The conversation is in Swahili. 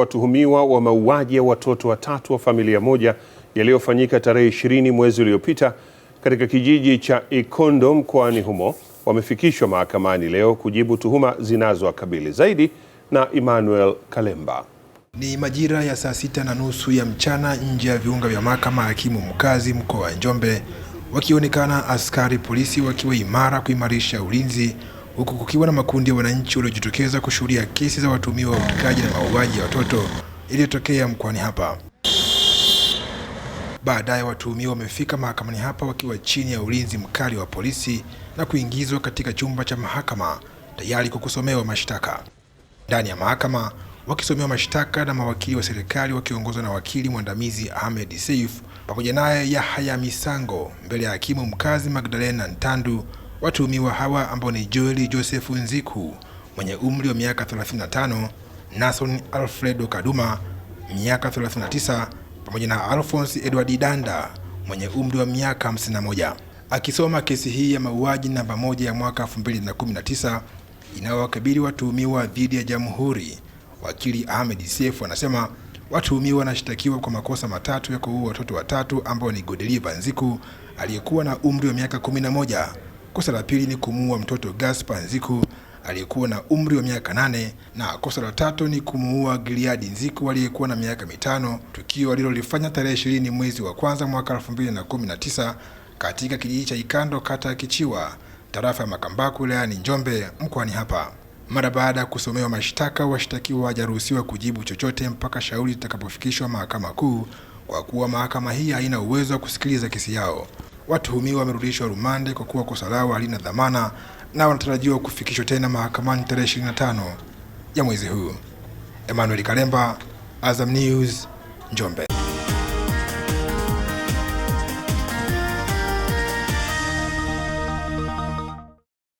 Watuhumiwa wa mauaji ya watoto watatu wa familia moja yaliyofanyika tarehe 20 mwezi uliopita katika kijiji cha Ikondo mkoani humo wamefikishwa mahakamani leo kujibu tuhuma zinazowakabili. Zaidi na Emmanuel Kalemba. Ni majira ya saa sita na nusu ya mchana nje ya viunga vya mahakama hakimu mkazi mkoa wa Njombe, wakionekana askari polisi wakiwa imara kuimarisha ulinzi huku kukiwa na makundi ya wananchi waliojitokeza kushuhudia kesi za watuhumiwa wa utekaji na mauaji ya watoto iliyotokea mkoani hapa. Baadaye watuhumiwa wamefika mahakamani hapa wakiwa chini ya ulinzi mkali wa polisi na kuingizwa katika chumba cha mahakama tayari kwa kusomewa mashtaka. Ndani ya mahakama wakisomewa mashtaka na mawakili wa serikali wakiongozwa na wakili mwandamizi Ahmed Seif pamoja naye Yahya Misango mbele ya hakimu mkazi Magdalena Ntandu Watuhumiwa hawa ambao ni Joel Joseph Nziku mwenye umri wa miaka 35, Nason Alfredo Kaduma miaka 39, pamoja na Alphonse Edward Danda mwenye umri wa miaka 51. Akisoma kesi hii ya mauaji namba moja ya mwaka 2019 inayowakabili watuhumiwa dhidi ya Jamhuri, wakili Ahmed Sefu anasema watuhumiwa wanashtakiwa kwa makosa matatu ya kuua watoto watatu ambao ni Godeliva Nziku aliyekuwa na umri wa miaka 11 Kosa la pili ni kumuua mtoto Gaspar Nziku aliyekuwa na umri wa miaka nane na kosa la tatu ni kumuua Giliadi Nziku aliyekuwa na miaka mitano, tukio alilolifanya tarehe ishirini mwezi wa kwanza mwaka 2019 katika kijiji cha Ikando kata ya Kichiwa tarafa ya Makambako wilayani Njombe mkoani hapa. Mara baada ya kusomewa mashtaka, washtakiwa hajaruhusiwa kujibu chochote mpaka shauri litakapofikishwa Mahakama Kuu, kwa kuwa mahakama hii haina uwezo wa kusikiliza kesi yao. Watuhumiwa wamerudishwa rumande kwa kuwa kosa lao halina dhamana na wanatarajiwa kufikishwa tena mahakamani tarehe 25 ya mwezi huu. Emmanuel Kalemba, Azam News, Njombe.